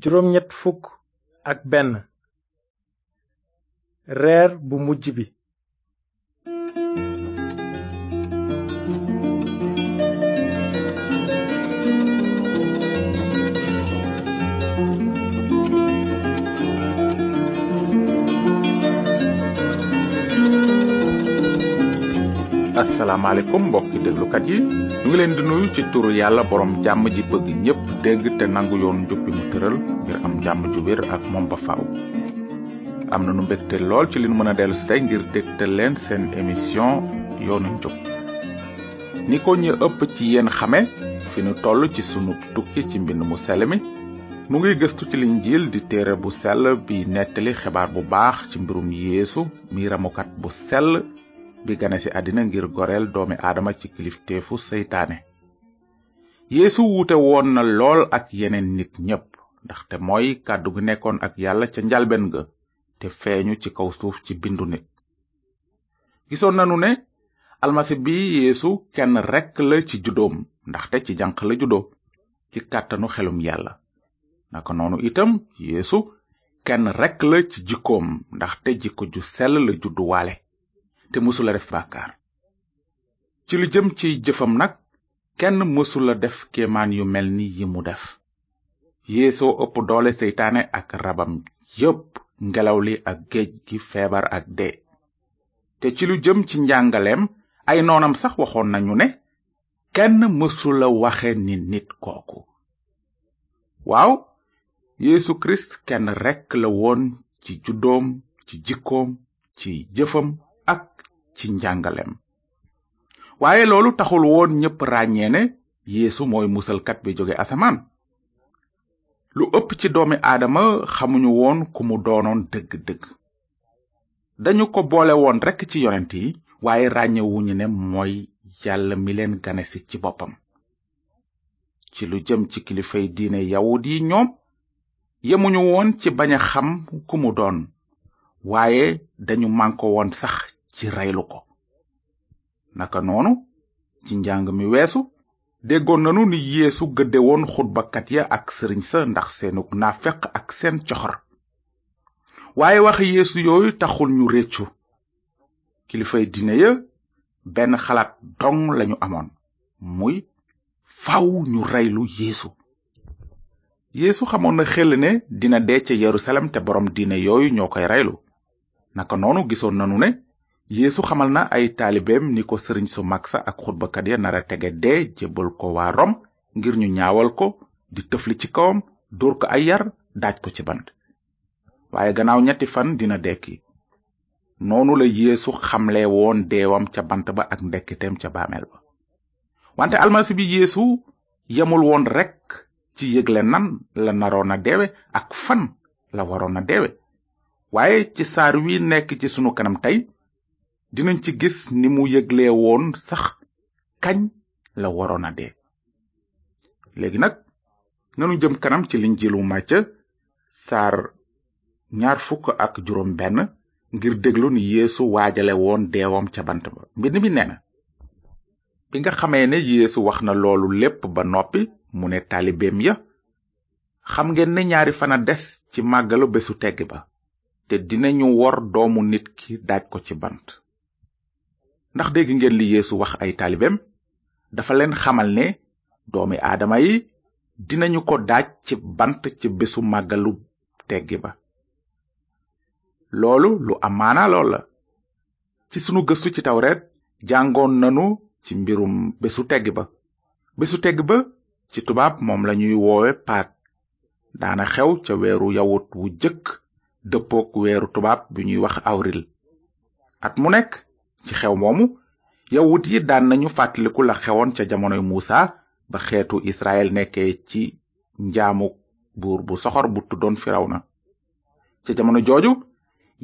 juróom ñett fukk ak benn reer bu mujj bi asalaamaaleykum mbokki déglukat yi ñu ngi leen di nuyu ci turu yàlla boroom jàmm ji bëgg ñépp dégg te nangu yoon njub mu tëral ngir am jàmm ju wér ak moom ba faaw. am na nu mbégte lool ci li nu mën a dellu si tey ngir dégtal leen seen émission yoonu njub ni ko ñu ëpp ci yéen xame fi nu toll ci sunu tukki ci mbind mu sell mi mu ngi gëstu ci linjiil di téere bu sell bi nettali xibaar bu baax ci mbirum yéesu mi ramukat bu sell bi gane ci àddina ngir goreel doomi aadama ci kilifteefu seytaane yeesu wuute woon na lool ak yeneen nit ñépp ndaxte mooy kàddu gu nekkoon ak yàlla ca njalbeen ga te feeñu ci kaw suuf ci bindu nit gisoon nanu ne almasi bi yeesu kenn rekk la ci juddoom ndaxte ci janq la juddoo ci kàttanu xelum yàlla naka noonu itam yeesu kenn rekk la ci jikkoom ndaxte jikko ju sell la judduwaale te mësula def bàkkaar ci lu jëm ci jëfam nag kenn mësula def kemaan yu mel ni yi mu def yeesoo ëpp doole seytaane ak rabam yépp ngelaw li ak géej gi feebar ak dee te ci lu jëm ci njàngaleem ay noonam sax waxoon nañu ne kenn mësula waxe ni nit kooku waaw yéesu Christ kenn rekk la woon ci juddoom ci jikkoom ci jëfam ci njàngalem waaye loolu taxul woon ñépp ràññee ne yéesu mooy musalkat bi jóge asamaan lu ëpp ci doomi aadama xamuñu woon ku mu doonoon dëgg-dëgg dañu ko boole woon rekk ci yonent yi waaye ràññewuñu ne mooy yàlla mi leen ganesi ci boppam ci lu jëm ci kilifay diine yawut yi ñoom yemuñu woon ci bañ a xam ku mu doon waaye dañu mànko woon sax ci reylu ko naka noonu ci njàng mi weesu déggoon nanu ni yéesu gëdde woon xutbakat ya ak sëriñ sa ndax seenug naafeq ak seen coxor waaye wax yéesu yooyu taxul ñu réccu kilifay diine ya benn xalaat dong lañu amoon muy faw ñu reylu yeesu yéesu xamoon na xel ne dina dee ca yerusalem te boroom diine yooyu ñoo koy reylu naka noonu gisoon nanu ne yeesu xamal na ay taalibeem ni ko sëriñ su mag sa ak xutbakat ya nara tege dee jébbal ko waa rom ngir ñu ñaawal ko di tëfli ci kawam dóor ko ay yar daaj ko ci bant waaye gannaaw ñetti fan dina dekki noonu la yeesu xamle woon deewam ca bant ba ak ndekkiteem ca baameel ba wante almasi bi yeesu yemul woon rekk ci yëgle nan la naroon a deewe ak fan la waroon a deewe waaye ci saar wi nekk ci sunu kanam tey dinañ ci gis ni mu yëgle woon sax kañ la waroon a dee léegi nag nanu jëm kanam ci linjilu màcca saar ñaar fukk ak juróom ngir déglu ni yéesu waajale woon deewam ca bant ba mbind mi nee bi nga xamee ne yéesu wax na loolu lépp ba noppi mu ne taalibeem ya xam ngeen ne ñaari fana des ci màggalu bésu tegg ba te dina dinañu wor doomu nit ki daaj ko ci bant ndax dégg ngeen li yeesu wax ay taalibeem dafa leen xamal ne doomi aadama yi dinañu ko daaj ci bant ci bésu màggalu teggi ba loolu lu am maana lool la ci sunu gëstu ci tawret jàngoon nanu ci mbirum bésu tegg ba bésu tegg ba ci tubaab moom lañuy woowe paat daana xew ca weeru yawut wu jëkk dëppook weeru tubaab bi ñuy wax awril at mu nekk ci xew moomu yawut yi daan nañu fàttaliku la xewoon ca jamonoy muusa ba xeetu israel nekkee ci njaamu buur bu soxor bu tuddoon na ca jamono jooju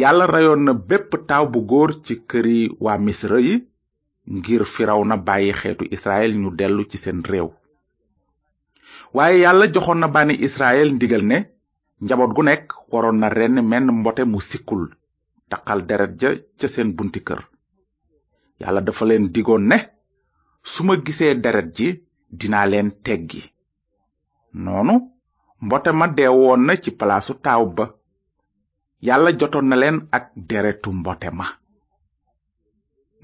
yàlla reyoon na bépp taaw bu góor ci këri waa misra yi ngir na bàyyi xeetu israel ñu dellu ci seen réew waaye yàlla joxoon na bànni israel ndigal ne njaboot gu nekk waroon na ren menn mbote mu sikkul taqal deret ja ca seen bunti kër yàlla dafa leen digoon ne su ma gisee deret ji dinaa leen teggi noonu mbote ma dee woon na ci palaasu taaw ba yàlla jotoon na leen ak deretu mbote ma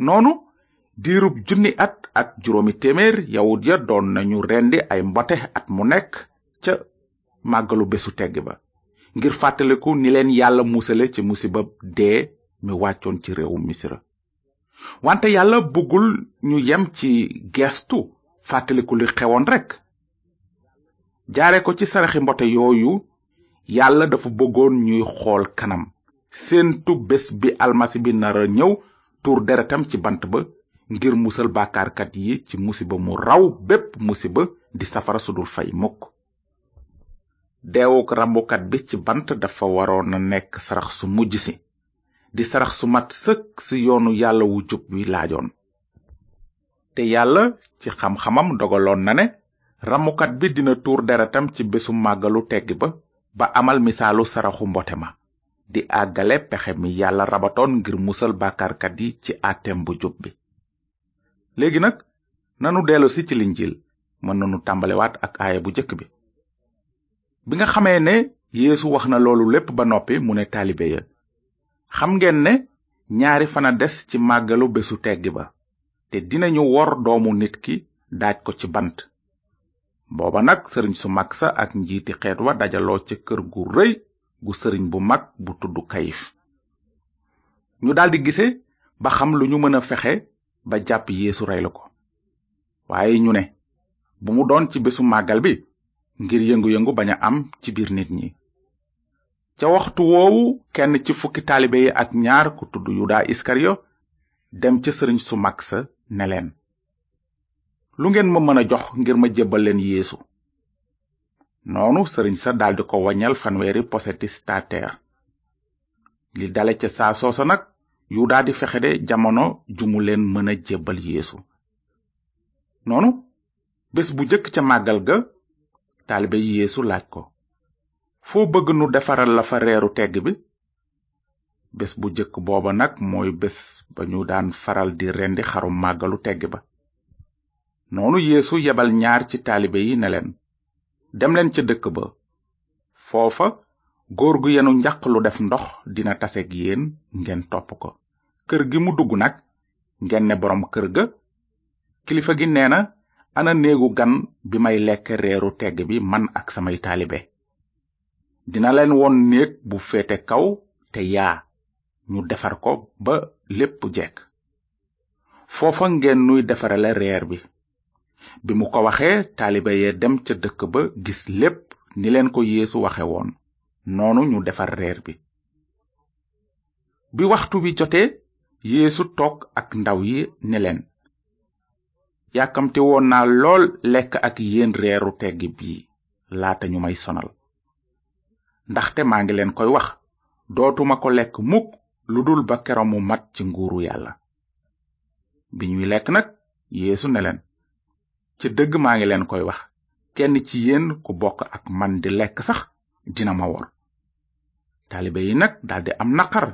noonu diirub junni at ak juróomi téeméer yawut ya doon nañu rendi ay mbote at mu nekk ca màggalu bésu tegg ba ngir fàttaliku ni leen yàlla musale ci musiba dee mi wàccoon ci réewu misra wante yàlla bëggul ñu yem ci gestu fàttaliku li xewoon rekk jaare ko ci saraxi mbote yooyu yàlla dafa bëggoon ñuy xool kanam séentu bés bi almasi bi nara ñëw tuur deretam ci bant ba ngir musal bàkkaarkat yi ci musiba mu raw bépp musiba di safara su dul fay mukk deewuk rambukat bi ci bant dafa waroon a nekk sarax su mujj si di sarax su mat sëkk ci yoonu yàlla wu jub wi laajoon te yàlla ci xam-xamam dogaloon na ne ramukat bi dina tuur deretam ci bésu màggalu tegg ba ba amal misaalu saraxu mbote ma di àggale pexe mi yàlla rabatoon ngir musal bàkkaarkat yi ci atem bu jub bi léegi nag nanu dellu si ci linjil mën nanu tàmbaliwaat ak aaya bu jëkk bi bi nga xamee ne yéesu wax na loolu lépp ba noppi mu ne taalibe ya xam ngeen ne ñaari fana des ci màggalu bésu teggi ba te dinañu wor doomu nit ki daaj ko ci bant booba nag sëriñ su mag sa ak njiiti xeet wa dajaloo ca kër gu rëy gu sëriñ bu mag bu tudd kayif ñu daldi gise ba xam lu ñu mën a fexe ba jàpp yéesu rey la ko waaye ñu ne bu mu doon ci bésu màggal bi ngir yëngu-yëngu bañ a am ci biir nit ñi ca waxtu woowu kenn ci fukki taalibe yi ak ñaar ku tudd yuda iskariyo dem ca sëriñ su mag sa ne leen lu ngeen ma mën a jox ngir ma jébbal leen yéesu noonu sëriñ sa daldi ko waññal fanweeri poseti li dale ca saa sa nag yuda di fexe de jamono ju mu leen mën a jébbal yéesu noonu bés bu jëkk ca màggal ga taalibe yi yeesu laaj ko foo bëgg nu defaral la fa reeru tegg bi bés bu jëkk booba nag mooy bés ba ñu daan faral di rendi xarum màggalu teg ba noonu yéesu yebal ñaar ci taalibe yi ne leen demleen ca dëkk ba foofa góor gu yenu njaq lu def ndox dina taseeg yéen ngeen topp ko kër gi mu dugg nag ngeen ne boroom kër ga kilifa gi nee na ana néegu gan bi may lekk reeru teg bi man ak samay taalibe dina leen won néeg bu féete kaw te yaa ñu defar ko ba lépp jekk foofa ngeen nuy defarale reer bi bi mu ko waxee taalibe yee dem ca dëkk ba gis lépp ni leen ko yéesu waxe woon noonu ñu defar reer bi bi waxtu wi jotee yéesu toog ak ndaw yi ne leen yàkkamti woon naa lool lekk ak yenn reeru teggi bii laata ñu may sonal ndaxte maa ngi leen koy wax dootuma ko lekk mukk lu dul ba kero mu mat ci nguuru yàlla bi ñuy lekk nag yéesu ne leen ci dëgg maa ngi leen koy wax kenn ci yéen ku bokk ak man di lekk sax dina ma wor taalibe yi nag daldi am naqar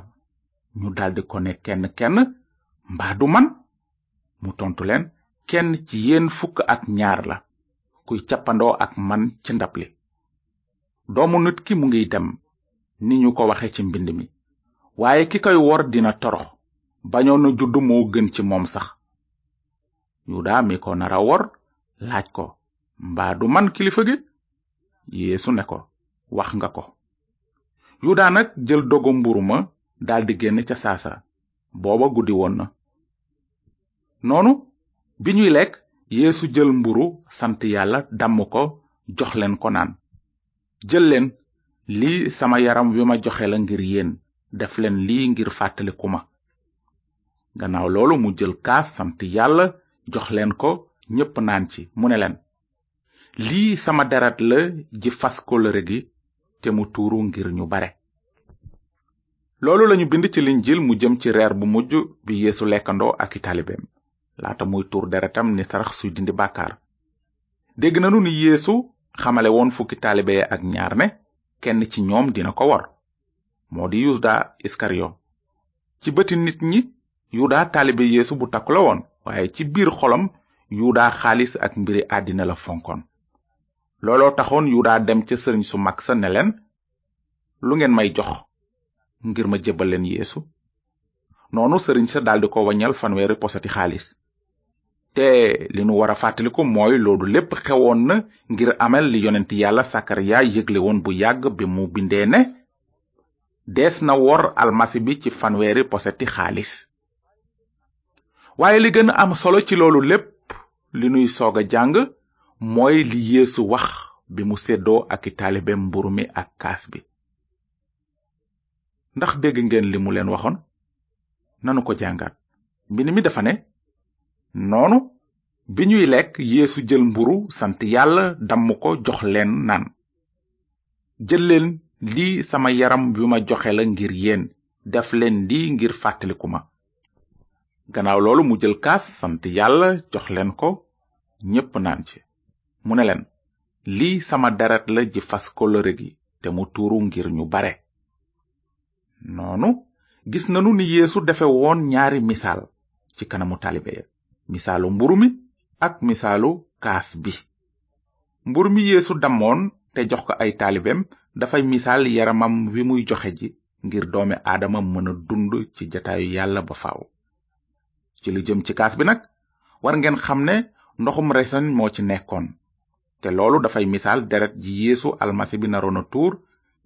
ñu daldi ko ne kenn kenn mbaa man mu tontu leen kenn ci yéen fukk ak ñaar la kuy cappandoo ak man ci ndab li doomu nit ki mu ngiy dem ni ñu ko waxe ci mbind mi waaye ki koy wor dina torox bañoon na judd moo gën ci moom sax yuda mi ko nara wor laaj ko mbaa du man kilifa gi yeesu ne ko wax nga ko yuda nag jël dogo mburu ma daldi génn ca saasa booba guddi woon na noonu bi ñuy lekk yeesu jël mburu sant yàlla damm ko jox leen ko naan jël leen lii sama yaram wi ma joxe la ngir yéen def leen lii ngir fàttaliku ma gannaaw loolu mu jël kaas sant yàlla jox leen ko ñépp naan ci mu ne leen lii sama deret la ji faskolere gi te mu tuuru ngir ñu bare loolu lañu bind ci liñ linjil mu jëm ci reer bu mujj bi yéesu lekkandoo ak i taalibeem laata muy tuur deretam ni sarax suy dindi bàkkaar dégg nanu ni yeesu xamale woon fukki taalibe ak ñaar ne kenn ci ñoom dina ko wor moo di yuda iskariyo ci bëti nit ñi yuda taalibe yeesu bu takku la woon waaye ci biir xolam yuda xaalis ak mbiri àddina la fonkoon looloo taxoon yuda dem ca sëriñ su mag sa ne leen lu ngeen may jox ngir ma jébbal leen yeesu noonu sëriñ sa daldi ko wañal fanweeri posati xaalis te li nu war a fàttaliku mooy loolu lépp xewoon na ngir amal li yonent yàlla sakariya yëgle woon bu yàgg bi mu bindee ne des na wor almasi bi ci fanweeri poseti xaalis waaye li gën a am solo ci loolu lépp li nuy soog a jàng mooy li yéesu wax bi mu seddoo ak i taalibe mburu mi ak kaas bi ndax dégg ngeen li mu leen waxoon nanu ko jàngaat mbind mi dafa ne noonu bi ñuy lekk yéesu jël mburu sant yàlla damm ko jox leen naan jël leen lii sama yaram bi ma joxe la ngir yéen def leen lii ngir fàttaliku ma gannaaw loolu mu jël kaas sant yàlla jox leen ko ñépp naan ci mu ne leen lii sama deret la ji fas kóllëre gi te mu tuuru ngir ñu bare noonu gis nanu ni yéesu defe woon ñaari misaal ci kanamu taalibe ya misaalu mburu mi ak misaalu kaas bi mburu mi yeesu damoon te jox ko ay taalibeem dafay misaal yaramam wi muy joxe ji ngir doomi aadama mën a dund ci jataayu yàlla ba faw ci lu jëm ci kaas bi nag war ngeen xam ne ndoxum reseñ moo ci nekkoon te loolu dafay misaal deret ji yeesu almasi bi naroon a tuur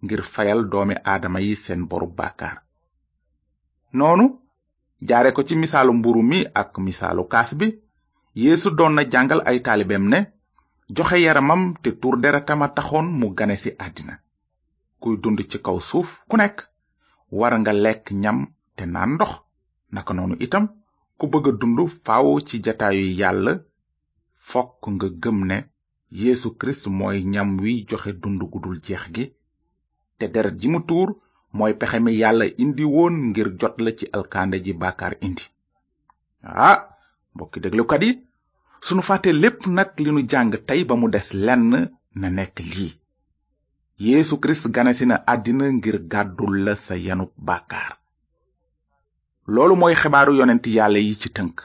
ngir fayal doomi aadama yi seen boru bàkkaar noonu jaare ko ci misaalu mburu mi ak misaalu kaas bi yéesu doon na jàngal ay taalibeem ne joxe yaramam te tuur deretam a taxoon mu gane ci àddina kuy dund ci kaw suuf ku nekk war nga lekk ñam te naan ndox naka noonu itam ku bëgg a dund faaw ci jataayu yàlla fokk nga gëm ne yéesu kirist mooy ñam wi joxe dund gudul jeex gi te deret ji mu tuur mooy pexe mi yàlla indi woon ngir jot la ci alkande ji bàkkaar indi ah mbokki déglukat yi sunu fàtte lépp nag li nu jàng tey ba mu des lenn na nekk lii yéesu kirist ganesi na àddina ngir gàddu la sa yenu bàkkaar loolu mooy xibaaru yonent yàlla yi ci tënk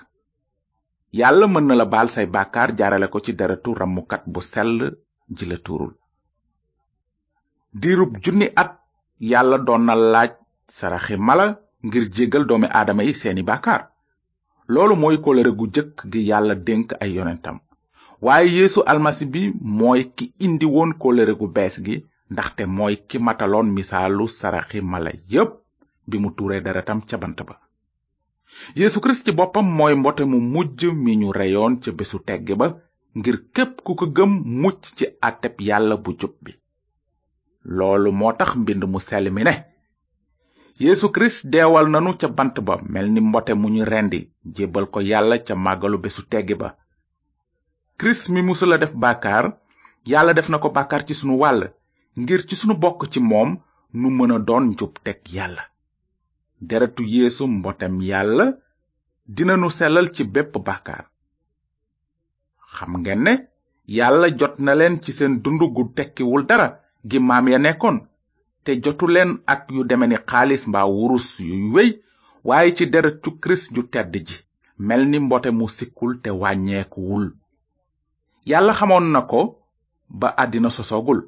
yàlla mën na la baal say bàkkaar jaarale ko ci deretu ramukat bu sell ji la tuurul diirub junni at yàlla doon na laaj saraxi mala ngir jéggal doomi aadama yi seeni bàkkaar loolu mooy kóllëre gu jëkk gi yàlla dénk ay yonentam waaye yéesu almasi bi mooy ki indi woon kóllëre gu bees gi ndaxte mooy ki mataloon misaalu saraxi mala yépp bi mu tuuree deretam ca bant ba yeesu kirist ci boppam mooy mbote mu mujj mi ñu reyoon ca bésu tegg ba ngir képp ku ko gëm mucc ci àtteb yàlla bu jub bi loolu moo tax mbind mu sell mi ne yeesu kirist deewal nanu ca bant ba mel ni mbote mu ñu rendi jébbal ko yàlla ca màggalu bésu teggi ba kirist mi musula def bàkkaar yàlla def na ko bàkkaar ci sunu wàll ngir ci sunu bokk ci moom nu mën a doon njub teg yàlla deretu yeesu mbotem yàlla dinanu sellal ci bépp bàkkaar xam ngeen ne yàlla jot na leen ci seen dund gu tekkiwul dara gi maam ya nekkoon te jotu leen ak yu deme ni xaalis mbaa wurus yuy wey waaye ci deret cu kirist tedd ji mel ni mboote mu sikkul te wàññeekuwul yàlla xamoon na ko ba àddina sosogul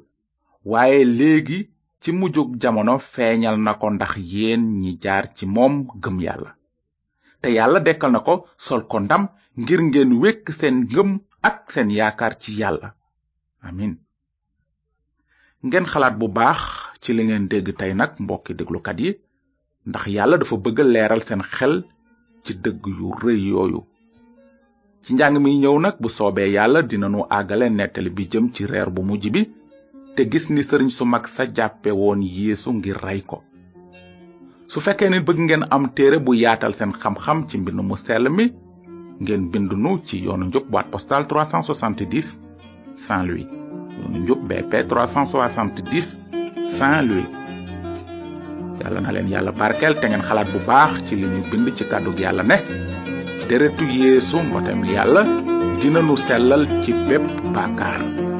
waaye léegi ci mujjug jamono feeñal na ko ndax yéen ñi jaar ci moom gëm yàlla te yàlla dekkal na ko sol ko ndam ngir ngeen wékk seen ngëm ak seen yaakaar ci yàlla amin ngeen xalaat bu baax ci li ngeen dégg tey nag mbokki déglukat yi ndax yàlla dafa bëgg leeral seen xel ci dëgg yu rëy yooyu ci njàng mi ñëw nag bu soobee yàlla dinanu àggale nettali bi jëm ci reer bu mujj bi te gis ni sëriñ su mag sa jàppe woon yeesu ngir rey ko su fekkee ne bëgg ngeen am téere bu yaatal seen xam-xam ci mbind mu sell mi ngeen bind nu ci yoonu njub boîte postale 370 Saint-Louis yoonu njub BP 370 Saint-Louis yàlla na leen yàlla barkeel te ngeen xalaat bu baax ci li ñu bind ci kàddug yàlla ne deretu yeesu mbotem yàlla dina nu sellal ci bépp bàkkaar